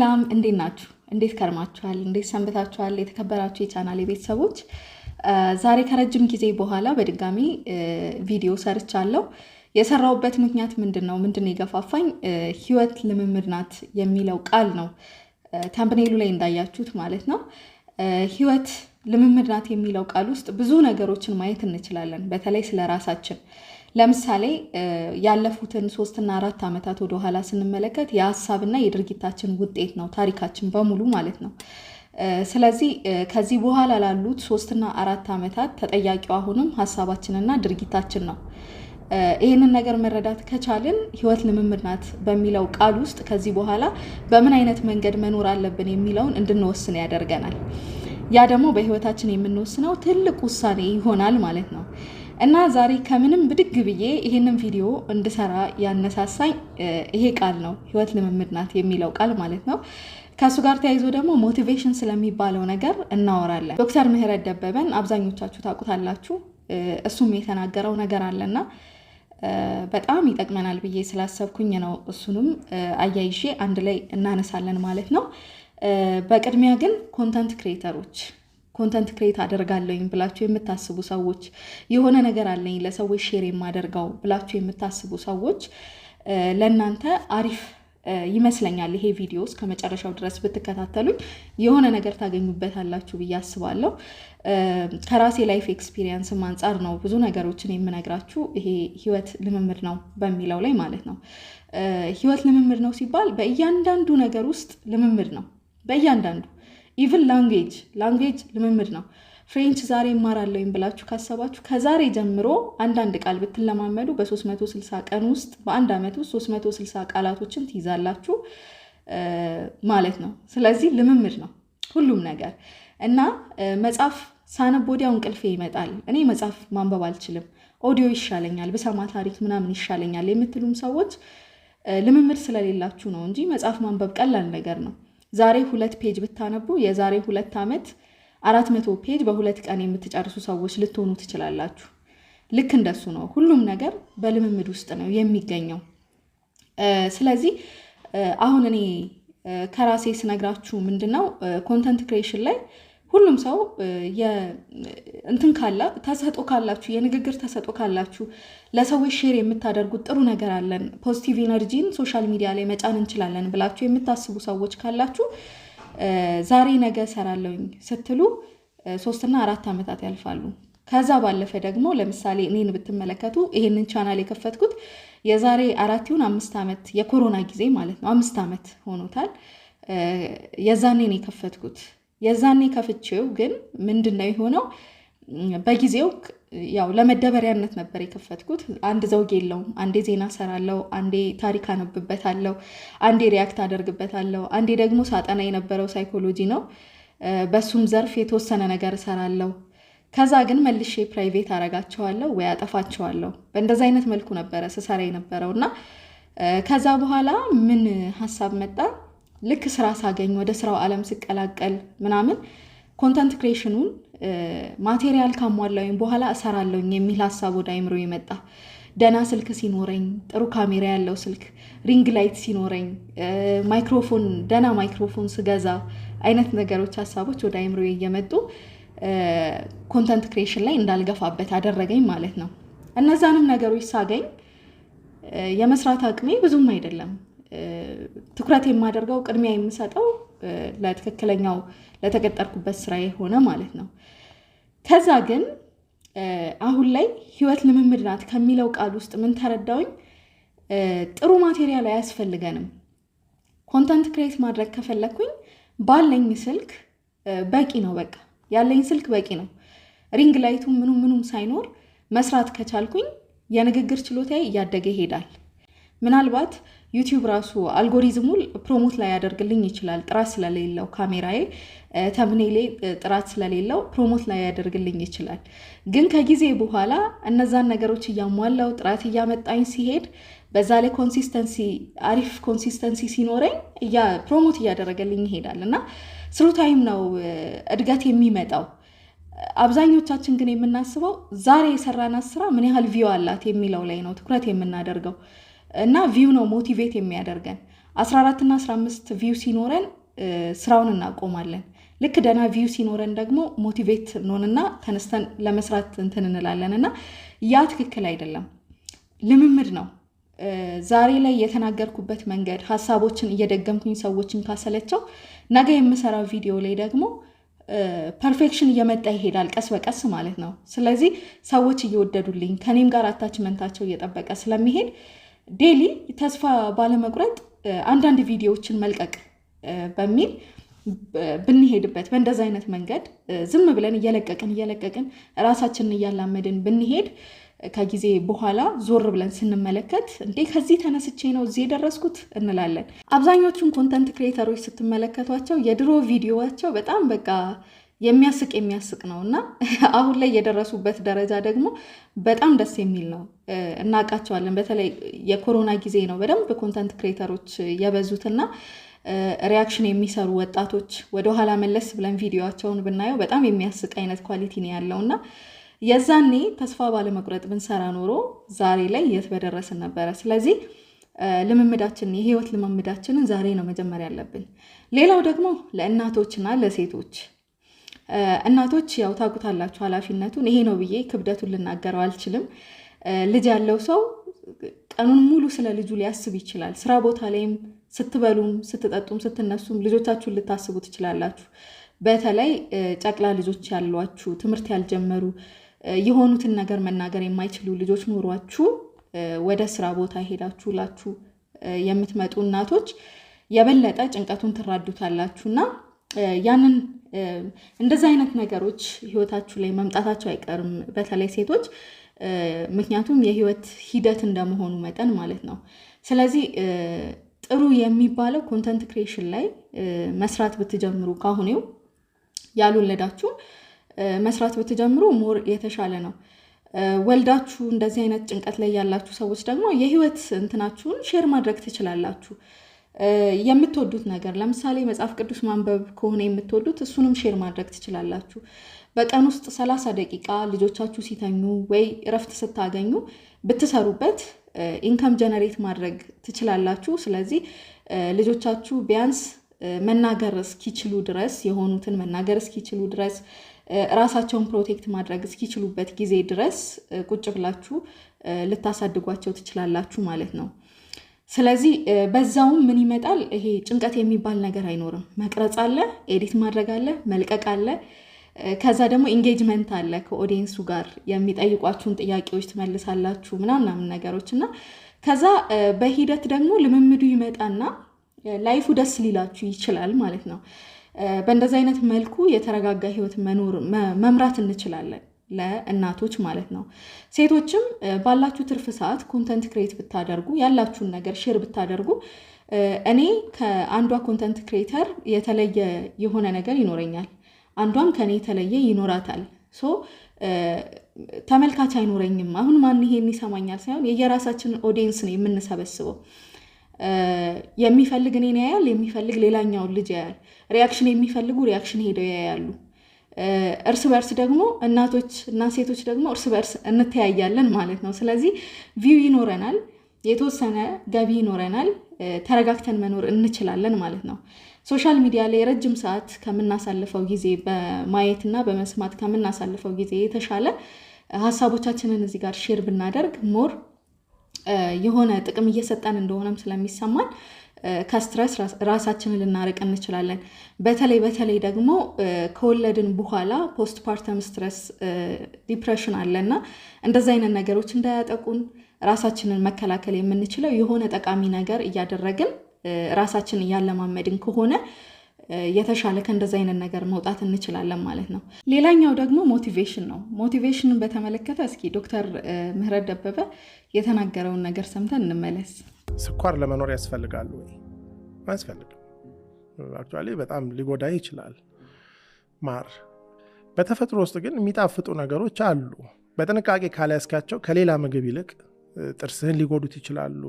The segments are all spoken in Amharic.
ሰላም እንዴት ናችሁ? እንዴት ከርማችኋል? እንዴት ሰንብታችኋል? የተከበራችሁ የቻናል የቤተሰቦች ዛሬ ከረጅም ጊዜ በኋላ በድጋሚ ቪዲዮ ሰርቻለሁ። የሰራሁበት ምክንያት ምንድን ነው? ምንድን ነው የገፋፋኝ? ህይወት ልምምድ ናት የሚለው ቃል ነው። ተምብኔሉ ላይ እንዳያችሁት ማለት ነው። ህይወት ልምምድ ናት የሚለው ቃል ውስጥ ብዙ ነገሮችን ማየት እንችላለን። በተለይ ስለ ራሳችን ለምሳሌ ያለፉትን ሶስትና አራት ዓመታት ወደኋላ ስንመለከት የሀሳብና የድርጊታችን ውጤት ነው ታሪካችን በሙሉ ማለት ነው። ስለዚህ ከዚህ በኋላ ላሉት ሶስትና አራት ዓመታት ተጠያቂው አሁንም ሀሳባችንና ድርጊታችን ነው። ይህንን ነገር መረዳት ከቻልን ህይወት ልምምድ ናት በሚለው ቃል ውስጥ ከዚህ በኋላ በምን አይነት መንገድ መኖር አለብን የሚለውን እንድንወስን ያደርገናል። ያ ደግሞ በህይወታችን የምንወስነው ትልቅ ውሳኔ ይሆናል ማለት ነው። እና ዛሬ ከምንም ብድግ ብዬ ይህንን ቪዲዮ እንድሰራ ያነሳሳኝ ይሄ ቃል ነው፣ ህይወት ልምምድ ናት የሚለው ቃል ማለት ነው። ከእሱ ጋር ተያይዞ ደግሞ ሞቲቬሽን ስለሚባለው ነገር እናወራለን። ዶክተር ምህረት ደበበን አብዛኞቻችሁ ታውቁታላችሁ። እሱም የተናገረው ነገር አለና በጣም ይጠቅመናል ብዬ ስላሰብኩኝ ነው። እሱንም አያይዤ አንድ ላይ እናነሳለን ማለት ነው። በቅድሚያ ግን ኮንተንት ክሬተሮች ኮንተንት ክሬት አደርጋለኝ ብላችሁ የምታስቡ ሰዎች፣ የሆነ ነገር አለኝ ለሰዎች ሼር የማደርገው ብላችሁ የምታስቡ ሰዎች ለእናንተ አሪፍ ይመስለኛል። ይሄ ቪዲዮ እስከ መጨረሻው ድረስ ብትከታተሉኝ የሆነ ነገር ታገኙበታላችሁ ብዬ አስባለሁ። ከራሴ ላይፍ ኤክስፒሪየንስም አንጻር ነው ብዙ ነገሮችን የምነግራችሁ። ይሄ ህይወት ልምምድ ነው በሚለው ላይ ማለት ነው። ህይወት ልምምድ ነው ሲባል በእያንዳንዱ ነገር ውስጥ ልምምድ ነው በእያንዳንዱ ኢቭን ላንግዌጅ ላንግዌጅ ልምምድ ነው። ፍሬንች ዛሬ እማራለሁ ብላችሁ ካሰባችሁ ከዛሬ ጀምሮ አንዳንድ ቃል ብትለማመዱ በ360 ቀን ውስጥ በአንድ ዓመት ውስጥ 360 ቃላቶችን ትይዛላችሁ ማለት ነው። ስለዚህ ልምምድ ነው ሁሉም ነገር እና መጽሐፍ ሳነብ ወዲያው እንቅልፌ ይመጣል። እኔ መጽሐፍ ማንበብ አልችልም፣ ኦዲዮ ይሻለኛል፣ ብሰማ ታሪክ ምናምን ይሻለኛል የምትሉም ሰዎች ልምምድ ስለሌላችሁ ነው እንጂ መጽሐፍ ማንበብ ቀላል ነገር ነው። ዛሬ ሁለት ፔጅ ብታነቡ የዛሬ ሁለት ዓመት አራት መቶ ፔጅ በሁለት ቀን የምትጨርሱ ሰዎች ልትሆኑ ትችላላችሁ። ልክ እንደሱ ነው። ሁሉም ነገር በልምምድ ውስጥ ነው የሚገኘው። ስለዚህ አሁን እኔ ከራሴ ስነግራችሁ ምንድነው ኮንተንት ክሬሽን ላይ ሁሉም ሰው እንትን ካለ ተሰጦ ካላችሁ የንግግር ተሰጦ ካላችሁ ለሰዎች ሼር የምታደርጉት ጥሩ ነገር አለን፣ ፖዚቲቭ ኢነርጂን ሶሻል ሚዲያ ላይ መጫን እንችላለን ብላችሁ የምታስቡ ሰዎች ካላችሁ ዛሬ ነገ ሰራለውኝ ስትሉ ሶስትና አራት ዓመታት ያልፋሉ። ከዛ ባለፈ ደግሞ ለምሳሌ እኔን ብትመለከቱ ይሄንን ቻናል የከፈትኩት የዛሬ አራት ይሁን አምስት ዓመት የኮሮና ጊዜ ማለት ነው። አምስት ዓመት ሆኖታል። የዛኔን የከፈትኩት የዛኔ ከፍቼው ግን ምንድን ነው የሆነው? በጊዜው ያው ለመደበሪያነት ነበር የከፈትኩት። አንድ ዘውግ የለውም። አንዴ ዜና ሰራለው፣ አንዴ ታሪክ አነብበታለው፣ አንዴ ሪያክት አደርግበታለው፣ አንዴ ደግሞ ሳጠና የነበረው ሳይኮሎጂ ነው። በሱም ዘርፍ የተወሰነ ነገር እሰራለው። ከዛ ግን መልሼ ፕራይቬት አረጋቸዋለሁ ወይ አጠፋቸዋለሁ። በእንደዚ አይነት መልኩ ነበረ ስሰራ የነበረው እና ከዛ በኋላ ምን ሀሳብ መጣ ልክ ስራ ሳገኝ ወደ ስራው አለም ስቀላቀል ምናምን ኮንተንት ክሬሽኑን ማቴሪያል ካሟላውኝ በኋላ እሰራለውኝ የሚል ሀሳብ ወደ አይምሮ የመጣ ደና ስልክ ሲኖረኝ፣ ጥሩ ካሜራ ያለው ስልክ፣ ሪንግ ላይት ሲኖረኝ፣ ማይክሮፎን ደና ማይክሮፎን ስገዛ አይነት ነገሮች ሀሳቦች ወደ አይምሮ እየመጡ ኮንተንት ክሬሽን ላይ እንዳልገፋበት አደረገኝ ማለት ነው። እነዛንም ነገሮች ሳገኝ የመስራት አቅሜ ብዙም አይደለም ትኩረት የማደርገው ቅድሚያ የምሰጠው ለትክክለኛው ለተቀጠርኩበት ስራ የሆነ ማለት ነው። ከዛ ግን አሁን ላይ ህይወት ልምምድ ናት ከሚለው ቃል ውስጥ ምን ተረዳውኝ? ጥሩ ማቴሪያል አያስፈልገንም። ኮንተንት ክሬት ማድረግ ከፈለግኩኝ ባለኝ ስልክ በቂ ነው። በቃ ያለኝ ስልክ በቂ ነው። ሪንግ ላይቱ ምኑም ምኑም ሳይኖር መስራት ከቻልኩኝ የንግግር ችሎታ እያደገ ይሄዳል። ምናልባት ዩቲዩብ ራሱ አልጎሪዝሙ ፕሮሞት ላይ ያደርግልኝ ይችላል። ጥራት ስለሌለው ካሜራዬ ተምኔሌ ጥራት ስለሌለው ፕሮሞት ላይ ያደርግልኝ ይችላል። ግን ከጊዜ በኋላ እነዛን ነገሮች እያሟላው ጥራት እያመጣኝ ሲሄድ በዛ ላይ ኮንሲስተንሲ አሪፍ ኮንሲስተንሲ ሲኖረኝ ፕሮሞት እያደረገልኝ ይሄዳል እና ስሩ ታይም ነው እድገት የሚመጣው። አብዛኞቻችን ግን የምናስበው ዛሬ የሰራናት ስራ ምን ያህል ቪው አላት የሚለው ላይ ነው ትኩረት የምናደርገው። እና ቪው ነው ሞቲቬት የሚያደርገን 14 እና 15 ቪው ሲኖረን ስራውን እናቆማለን። ልክ ደና ቪው ሲኖረን ደግሞ ሞቲቬት እንሆንና ተነስተን ለመስራት እንትን እንላለን እና ያ ትክክል አይደለም። ልምምድ ነው። ዛሬ ላይ የተናገርኩበት መንገድ ሀሳቦችን እየደገምኩኝ ሰዎችን ካሰለቸው ነገ የምሰራው ቪዲዮ ላይ ደግሞ ፐርፌክሽን እየመጣ ይሄዳል ቀስ በቀስ ማለት ነው። ስለዚህ ሰዎች እየወደዱልኝ ከኔም ጋር አታችመንታቸው እየጠበቀ ስለሚሄድ ዴሊ ተስፋ ባለመቁረጥ አንዳንድ ቪዲዮዎችን መልቀቅ በሚል ብንሄድበት በእንደዚ አይነት መንገድ ዝም ብለን እየለቀቅን እየለቀቅን ራሳችንን እያላመድን ብንሄድ ከጊዜ በኋላ ዞር ብለን ስንመለከት እንዴ ከዚህ ተነስቼ ነው እዚህ የደረስኩት እንላለን። አብዛኞቹን ኮንተንት ክሬተሮች ስትመለከቷቸው የድሮ ቪዲዮቸው በጣም በቃ የሚያስቅ የሚያስቅ ነው እና አሁን ላይ የደረሱበት ደረጃ ደግሞ በጣም ደስ የሚል ነው። እናውቃቸዋለን። በተለይ የኮሮና ጊዜ ነው በደንብ ኮንተንት ክሬተሮች የበዙትና ሪያክሽን የሚሰሩ ወጣቶች ወደኋላ መለስ ብለን ቪዲዮቸውን ብናየው በጣም የሚያስቅ አይነት ኳሊቲ ነው ያለው እና የዛኔ ተስፋ ባለመቁረጥ ብንሰራ ኖሮ ዛሬ ላይ የት በደረስን ነበረ። ስለዚህ ልምምዳችንን የህይወት ልምምዳችንን ዛሬ ነው መጀመሪያ ያለብን። ሌላው ደግሞ ለእናቶችና ለሴቶች እናቶች ያው ታውቁታላችሁ ኃላፊነቱን ይሄ ነው ብዬ ክብደቱን ልናገረው አልችልም። ልጅ ያለው ሰው ቀኑን ሙሉ ስለ ልጁ ሊያስብ ይችላል። ስራ ቦታ ላይም ስትበሉም፣ ስትጠጡም፣ ስትነሱም ልጆቻችሁን ልታስቡ ትችላላችሁ። በተለይ ጨቅላ ልጆች ያሏችሁ ትምህርት ያልጀመሩ የሆኑትን ነገር መናገር የማይችሉ ልጆች ኖሯችሁ ወደ ስራ ቦታ ሄዳችሁ ውላችሁ የምትመጡ እናቶች የበለጠ ጭንቀቱን ትራዱታላችሁ እና ያንን እንደዚህ አይነት ነገሮች ህይወታችሁ ላይ መምጣታቸው አይቀርም፣ በተለይ ሴቶች። ምክንያቱም የህይወት ሂደት እንደመሆኑ መጠን ማለት ነው። ስለዚህ ጥሩ የሚባለው ኮንተንት ክሬሽን ላይ መስራት ብትጀምሩ ካሁኔው ያልወለዳችሁ መስራት ብትጀምሩ ሞር የተሻለ ነው። ወልዳችሁ እንደዚህ አይነት ጭንቀት ላይ ያላችሁ ሰዎች ደግሞ የህይወት እንትናችሁን ሼር ማድረግ ትችላላችሁ። የምትወዱት ነገር ለምሳሌ መጽሐፍ ቅዱስ ማንበብ ከሆነ የምትወዱት እሱንም ሼር ማድረግ ትችላላችሁ። በቀን ውስጥ ሰላሳ ደቂቃ ልጆቻችሁ ሲተኙ ወይ እረፍት ስታገኙ ብትሰሩበት ኢንከም ጀነሬት ማድረግ ትችላላችሁ። ስለዚህ ልጆቻችሁ ቢያንስ መናገር እስኪችሉ ድረስ የሆኑትን መናገር እስኪችሉ ድረስ ራሳቸውን ፕሮቴክት ማድረግ እስኪችሉበት ጊዜ ድረስ ቁጭ ብላችሁ ልታሳድጓቸው ትችላላችሁ ማለት ነው። ስለዚህ በዛውም ምን ይመጣል? ይሄ ጭንቀት የሚባል ነገር አይኖርም። መቅረጽ አለ፣ ኤዲት ማድረግ አለ፣ መልቀቅ አለ። ከዛ ደግሞ ኢንጌጅመንት አለ ከኦዲየንሱ ጋር የሚጠይቋችሁን ጥያቄዎች ትመልሳላችሁ ምናምናምን ነገሮች እና ከዛ በሂደት ደግሞ ልምምዱ ይመጣና ላይፉ ደስ ሊላችሁ ይችላል ማለት ነው። በእንደዚህ አይነት መልኩ የተረጋጋ ህይወት መምራት እንችላለን። ለእናቶች ማለት ነው። ሴቶችም ባላችሁ ትርፍ ሰዓት ኮንተንት ክሬት ብታደርጉ ያላችሁን ነገር ሼር ብታደርጉ እኔ ከአንዷ ኮንተንት ክሬተር የተለየ የሆነ ነገር ይኖረኛል፣ አንዷም ከኔ የተለየ ይኖራታል። ሶ ተመልካች አይኖረኝም። አሁን ማን ይሄን ይሰማኛል ሳይሆን የየራሳችን ኦዲየንስ ነው የምንሰበስበው። የሚፈልግ እኔን ያያል፣ የሚፈልግ ሌላኛውን ልጅ ያያል። ሪያክሽን የሚፈልጉ ሪያክሽን ሄደው ያያሉ። እርስ በእርስ ደግሞ እናቶች እና ሴቶች ደግሞ እርስ በርስ እንተያያለን ማለት ነው። ስለዚህ ቪው ይኖረናል፣ የተወሰነ ገቢ ይኖረናል፣ ተረጋግተን መኖር እንችላለን ማለት ነው። ሶሻል ሚዲያ ላይ ረጅም ሰዓት ከምናሳልፈው ጊዜ በማየት እና በመስማት ከምናሳልፈው ጊዜ የተሻለ ሀሳቦቻችንን እዚህ ጋር ሼር ብናደርግ ሞር የሆነ ጥቅም እየሰጠን እንደሆነም ስለሚሰማን ከስትረስ ራሳችንን ልናርቅ እንችላለን። በተለይ በተለይ ደግሞ ከወለድን በኋላ ፖስት ስትረስ ዲፕሬሽን አለና እንደዚ አይነት ነገሮች እንዳያጠቁን ራሳችንን መከላከል የምንችለው የሆነ ጠቃሚ ነገር እያደረግን ራሳችንን እያለማመድን ከሆነ የተሻለ ከእንደዚ አይነት ነገር መውጣት እንችላለን ማለት ነው። ሌላኛው ደግሞ ሞቲቬሽን ነው። ሞቲቬሽንን በተመለከተ እስኪ ዶክተር ምህረት ደበበ የተናገረውን ነገር ሰምተን እንመለስ። ስኳር ለመኖር ያስፈልጋሉ ወይ? አያስፈልግም። አክቹዋሊ በጣም ሊጎዳ ይችላል ማር። በተፈጥሮ ውስጥ ግን የሚጣፍጡ ነገሮች አሉ። በጥንቃቄ ካልያዝካቸው ከሌላ ምግብ ይልቅ ጥርስህን ሊጎዱት ይችላሉ።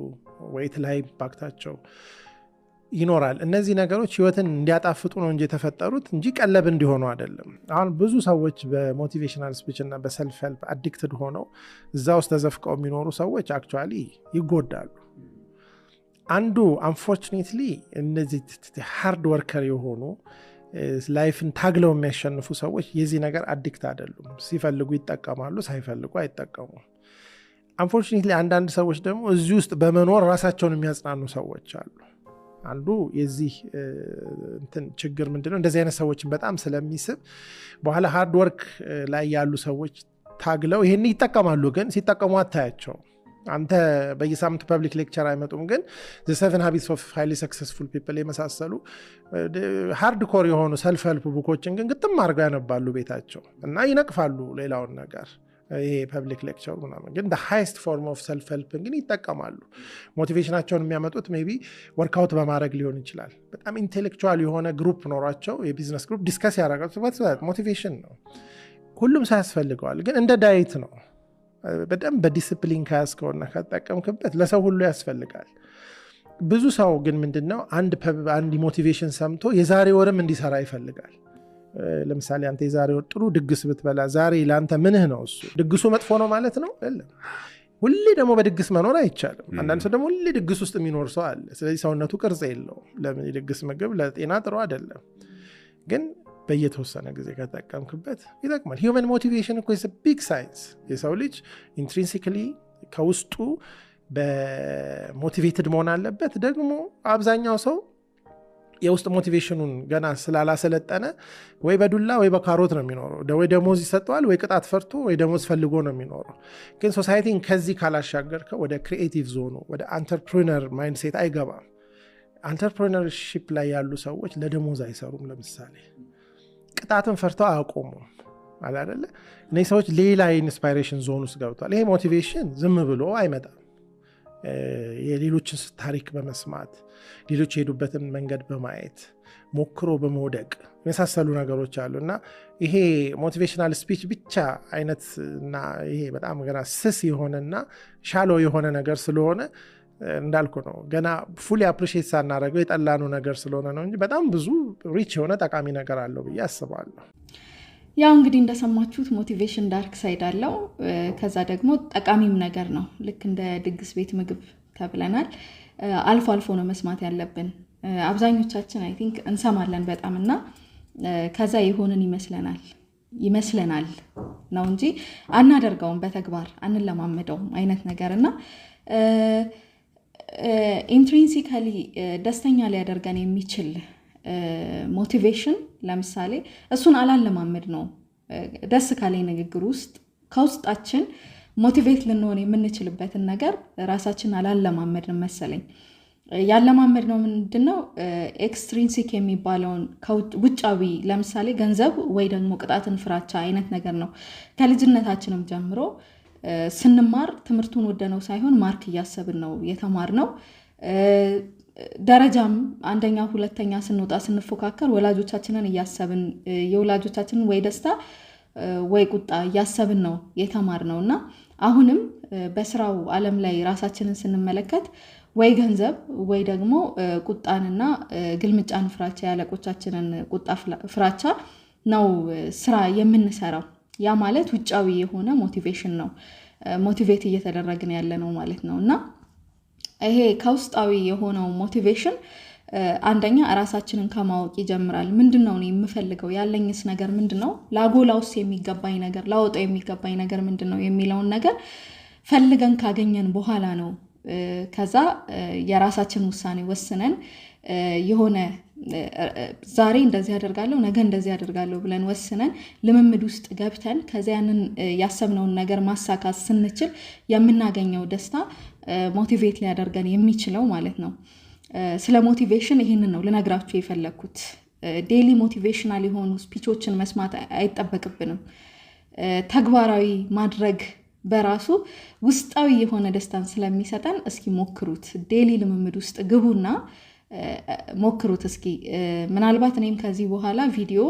ወይት ላይ ኢምፓክታቸው ይኖራል። እነዚህ ነገሮች ህይወትን እንዲያጣፍጡ ነው እንጂ የተፈጠሩት እንጂ ቀለብ እንዲሆኑ አይደለም። አሁን ብዙ ሰዎች በሞቲቬሽናል ስፒች እና በሰልፍ ሄልፕ አዲክትድ ሆነው እዛ ውስጥ ተዘፍቀው የሚኖሩ ሰዎች አክቹዋሊ ይጎዳሉ። አንዱ አንፎርችኔትሊ እነዚህ ሃርድ ወርከር የሆኑ ላይፍን ታግለው የሚያሸንፉ ሰዎች የዚህ ነገር አዲክት አይደሉም። ሲፈልጉ ይጠቀማሉ፣ ሳይፈልጉ አይጠቀሙም። አንፎርችኔትሊ አንዳንድ ሰዎች ደግሞ እዚህ ውስጥ በመኖር ራሳቸውን የሚያጽናኑ ሰዎች አሉ። አንዱ የዚህ እንትን ችግር ምንድነው? እንደዚህ አይነት ሰዎችን በጣም ስለሚስብ በኋላ ሃርድ ወርክ ላይ ያሉ ሰዎች ታግለው ይህን ይጠቀማሉ፣ ግን ሲጠቀሙ አታያቸውም። አንተ በየሳምንቱ ፐብሊክ ሌክቸር አይመጡም፣ ግን ዘሰቨን ሀቢትስ ኦፍ ሃይሊ ሰክሰስፉል ፒፕል የመሳሰሉ ሃርድ ኮር የሆኑ ሰልፍ ሄልፕ ቡኮችን ግን ግጥም አድርገው ያነባሉ ቤታቸው እና ይነቅፋሉ ሌላውን ነገር ይሄ ፐብሊክ ሌክቸር ምናምን ግን ሃይስት ፎርም ኦፍ ሰልፍ ሄልፕ ግን ይጠቀማሉ። ሞቲቬሽናቸውን የሚያመጡት ሜይ ቢ ወርክአውት በማድረግ ሊሆን ይችላል። በጣም ኢንቴሌክቹዋል የሆነ ግሩፕ ኖሯቸው የቢዝነስ ግሩፕ ዲስከስ ያደረጋሉ። ሞቲቬሽን ነው። ሁሉም ሰው ያስፈልገዋል፣ ግን እንደ ዳይት ነው። በደንብ በዲስፕሊን ከያዝከውና ከተጠቀምክበት ለሰው ሁሉ ያስፈልጋል። ብዙ ሰው ግን ምንድነው አንድ አንድ ሞቲቬሽን ሰምቶ የዛሬ ወርም እንዲሰራ ይፈልጋል። ለምሳሌ አንተ የዛሬ ወር ጥሩ ድግስ ብትበላ ዛሬ ለአንተ ምንህ ነው? እሱ ድግሱ መጥፎ ነው ማለት ነው? ሁሌ ደግሞ በድግስ መኖር አይቻልም። አንዳንድ ሰው ደግሞ ሁሌ ድግስ ውስጥ የሚኖር ሰው አለ። ስለዚህ ሰውነቱ ቅርጽ የለውም። ለምን የድግስ ምግብ ለጤና ጥሩ አይደለም። ግን በየተወሰነ ጊዜ ከተጠቀምክበት ይጠቅማል። ሂውመን ሞቲቬሽን እኮ ቢግ ሳይንስ። የሰው ልጅ ኢንትሪንሲክሊ ከውስጡ በሞቲቬትድ መሆን አለበት። ደግሞ አብዛኛው ሰው የውስጥ ሞቲቬሽኑን ገና ስላላሰለጠነ ወይ በዱላ ወይ በካሮት ነው የሚኖረው። ወይ ደሞዝ ይሰጠዋል ወይ ቅጣት ፈርቶ ወይ ደሞዝ ፈልጎ ነው የሚኖረው። ግን ሶሳይቲን ከዚህ ካላሻገርከው ወደ ክሪኤቲቭ ዞኑ ወደ አንተርፕሪነር ማይንድሴት አይገባም። አንተርፕሪነርሺፕ ላይ ያሉ ሰዎች ለደሞዝ አይሰሩም። ለምሳሌ ቅጣትን ፈርተው አያቆሙም አለ አይደለ? እነዚህ ሰዎች ሌላ ኢንስፓይሬሽን ዞን ውስጥ ገብቷል። ይሄ ሞቲቬሽን ዝም ብሎ አይመጣም። የሌሎችን ታሪክ በመስማት ሌሎች የሄዱበትን መንገድ በማየት ሞክሮ በመውደቅ የመሳሰሉ ነገሮች አሉ እና ይሄ ሞቲቬሽናል ስፒች ብቻ አይነት እና ይሄ በጣም ገና ስስ የሆነና ሻሎ የሆነ ነገር ስለሆነ እንዳልኩ ነው ገና ፉሊ አፕሪሼት ሳናደረገው የጠላኑ ነገር ስለሆነ ነው እንጂ በጣም ብዙ ሪች የሆነ ጠቃሚ ነገር አለው ብዬ አስባለሁ። ያው እንግዲህ እንደሰማችሁት ሞቲቬሽን ዳርክ ሳይድ አለው፣ ከዛ ደግሞ ጠቃሚም ነገር ነው። ልክ እንደ ድግስ ቤት ምግብ ተብለናል። አልፎ አልፎ ነው መስማት ያለብን። አብዛኞቻችን አይ ቲንክ እንሰማለን በጣም እና ከዛ የሆንን ይመስለናል ይመስለናል ነው እንጂ አናደርገውም፣ በተግባር አንለማመደውም አይነት ነገር እና ኢንትሪንሲካሊ ደስተኛ ሊያደርገን የሚችል ሞቲቬሽን ለምሳሌ እሱን አላለማመድ ነው። ደስ ካላይ ንግግር ውስጥ ከውስጣችን ሞቲቬት ልንሆን የምንችልበትን ነገር ራሳችን አላለማመድን መሰለኝ። ያለማመድ ነው ምንድነው ኤክስትሪንሲክ የሚባለውን ውጫዊ፣ ለምሳሌ ገንዘብ ወይ ደግሞ ቅጣትን ፍራቻ አይነት ነገር ነው። ከልጅነታችንም ጀምሮ ስንማር ትምህርቱን ወደነው ሳይሆን ማርክ እያሰብን ነው የተማርነው። ደረጃም አንደኛ ሁለተኛ ስንወጣ ስንፎካከር ወላጆቻችንን እያሰብን የወላጆቻችንን ወይ ደስታ ወይ ቁጣ እያሰብን ነው የተማርነው እና አሁንም በስራው ዓለም ላይ ራሳችንን ስንመለከት ወይ ገንዘብ ወይ ደግሞ ቁጣንና ግልምጫን ፍራቻ፣ ያለቆቻችንን ቁጣ ፍራቻ ነው ስራ የምንሰራው። ያ ማለት ውጫዊ የሆነ ሞቲቬሽን ነው። ሞቲቬት እየተደረግን ያለ ነው ማለት ነው እና ይሄ ከውስጣዊ የሆነው ሞቲቬሽን አንደኛ ራሳችንን ከማወቅ ይጀምራል። ምንድን ነው የምፈልገው? ያለኝስ ነገር ምንድን ነው? ላጎላውስ የሚገባኝ ነገር፣ ላወጣው የሚገባኝ ነገር ምንድን ነው የሚለውን ነገር ፈልገን ካገኘን በኋላ ነው ከዛ የራሳችን ውሳኔ ወስነን የሆነ ዛሬ እንደዚህ አደርጋለሁ ነገ እንደዚህ አደርጋለሁ ብለን ወስነን ልምምድ ውስጥ ገብተን ከዚያ ያንን ያሰብነውን ነገር ማሳካት ስንችል የምናገኘው ደስታ ሞቲቬት ሊያደርገን የሚችለው ማለት ነው። ስለ ሞቲቬሽን ይህንን ነው ልነግራችሁ የፈለግኩት። ዴይሊ ሞቲቬሽናል የሆኑ ስፒቾችን መስማት አይጠበቅብንም። ተግባራዊ ማድረግ በራሱ ውስጣዊ የሆነ ደስታን ስለሚሰጠን እስኪ ሞክሩት። ዴይሊ ልምምድ ውስጥ ግቡና ሞክሩት እስኪ። ምናልባት እኔም ከዚህ በኋላ ቪዲዮ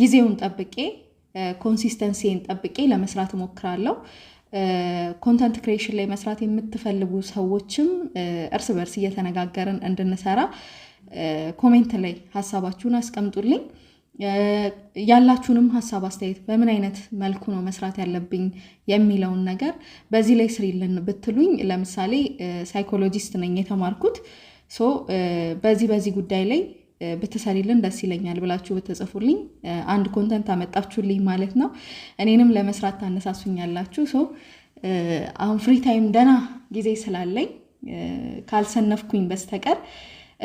ጊዜውን ጠብቄ ኮንሲስተንሲን ጠብቄ ለመስራት ሞክራለሁ። ኮንተንት ክሬሽን ላይ መስራት የምትፈልጉ ሰዎችም እርስ በርስ እየተነጋገርን እንድንሰራ ኮሜንት ላይ ሀሳባችሁን አስቀምጡልኝ። ያላችሁንም ሀሳብ አስተያየት፣ በምን አይነት መልኩ ነው መስራት ያለብኝ የሚለውን ነገር በዚህ ላይ ስሪልን ብትሉኝ፣ ለምሳሌ ሳይኮሎጂስት ነኝ የተማርኩት ሶ በዚህ በዚህ ጉዳይ ላይ ብትሰሪልን ደስ ይለኛል ብላችሁ ብትጽፉልኝ አንድ ኮንተንት አመጣችሁልኝ ማለት ነው። እኔንም ለመስራት ታነሳሱኛላችሁ። ሶ አሁን ፍሪ ታይም ደና ጊዜ ስላለኝ ካልሰነፍኩኝ በስተቀር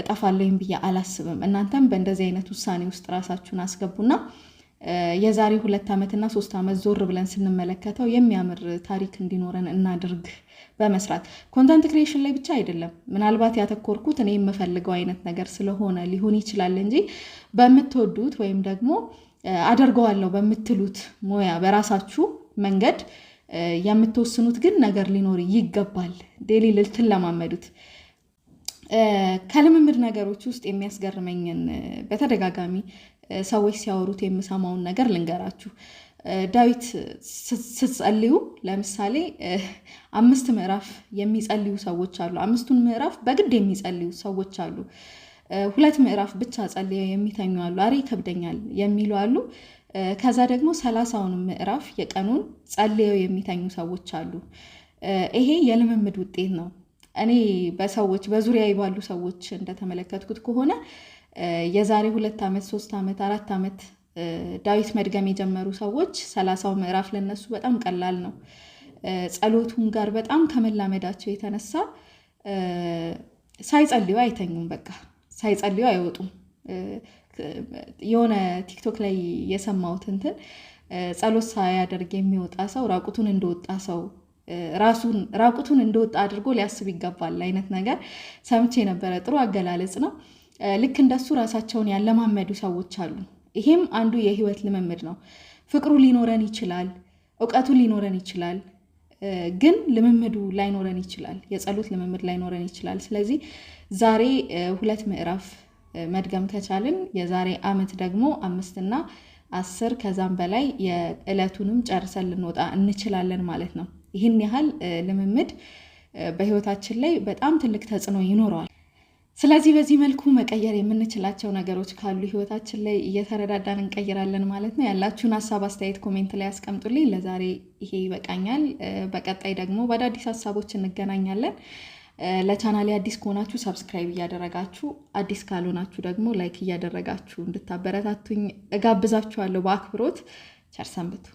እጠፋለሁኝ ብዬ አላስብም። እናንተም በእንደዚህ አይነት ውሳኔ ውስጥ ራሳችሁን አስገቡና የዛሬ ሁለት ዓመትና ሶስት ዓመት ዞር ብለን ስንመለከተው የሚያምር ታሪክ እንዲኖረን እናድርግ በመስራት ኮንተንት ክሬሽን ላይ ብቻ አይደለም። ምናልባት ያተኮርኩት እኔ የምፈልገው አይነት ነገር ስለሆነ ሊሆን ይችላል እንጂ በምትወዱት ወይም ደግሞ አደርገዋለሁ በምትሉት ሙያ በራሳችሁ መንገድ የምትወስኑት ግን ነገር ሊኖር ይገባል። ዴሊ ልትን ለማመዱት ከልምምድ ነገሮች ውስጥ የሚያስገርመኝን በተደጋጋሚ ሰዎች ሲያወሩት የምሰማውን ነገር ልንገራችሁ። ዳዊት ስትጸልዩ ለምሳሌ አምስት ምዕራፍ የሚጸልዩ ሰዎች አሉ። አምስቱን ምዕራፍ በግድ የሚጸልዩ ሰዎች አሉ። ሁለት ምዕራፍ ብቻ ጸልየው የሚተኙ አሉ። አሬ ይከብደኛል የሚሉ አሉ። ከዛ ደግሞ ሰላሳውን ምዕራፍ የቀኑን ጸልየው የሚተኙ ሰዎች አሉ። ይሄ የልምምድ ውጤት ነው። እኔ በሰዎች በዙሪያ ባሉ ሰዎች እንደተመለከትኩት ከሆነ የዛሬ ሁለት ዓመት ሶስት ዓመት አራት ዓመት ዳዊት መድገም የጀመሩ ሰዎች ሰላሳው ምዕራፍ ለነሱ በጣም ቀላል ነው። ጸሎቱን ጋር በጣም ከመላመዳቸው የተነሳ ሳይጸልዩ አይተኙም። በቃ ሳይጸልዩ አይወጡም። የሆነ ቲክቶክ ላይ የሰማሁት እንትን ጸሎት ሳያደርግ የሚወጣ ሰው ራቁቱን እንደወጣ ሰው ራሱን ራቁቱን እንደወጣ አድርጎ ሊያስብ ይገባል አይነት ነገር ሰምቼ ነበረ። ጥሩ አገላለጽ ነው። ልክ እንደሱ ራሳቸውን ያለማመዱ ሰዎች አሉ። ይሄም አንዱ የህይወት ልምምድ ነው። ፍቅሩ ሊኖረን ይችላል፣ እውቀቱ ሊኖረን ይችላል፣ ግን ልምምዱ ላይኖረን ይችላል። የጸሎት ልምምድ ላይኖረን ይችላል። ስለዚህ ዛሬ ሁለት ምዕራፍ መድገም ከቻልን የዛሬ ዓመት ደግሞ አምስትና አስር ከዛም በላይ የዕለቱንም ጨርሰን ልንወጣ እንችላለን ማለት ነው። ይህን ያህል ልምምድ በህይወታችን ላይ በጣም ትልቅ ተጽዕኖ ይኖረዋል። ስለዚህ በዚህ መልኩ መቀየር የምንችላቸው ነገሮች ካሉ ህይወታችን ላይ እየተረዳዳን እንቀይራለን ማለት ነው። ያላችሁን ሀሳብ፣ አስተያየት ኮሜንት ላይ ያስቀምጡልኝ። ለዛሬ ይሄ ይበቃኛል። በቀጣይ ደግሞ በአዳዲስ ሀሳቦች እንገናኛለን። ለቻናሌ አዲስ ከሆናችሁ ሰብስክራይብ እያደረጋችሁ አዲስ ካልሆናችሁ ደግሞ ላይክ እያደረጋችሁ እንድታበረታቱኝ እጋብዛችኋለሁ። በአክብሮት ቸር ሰንብቱ።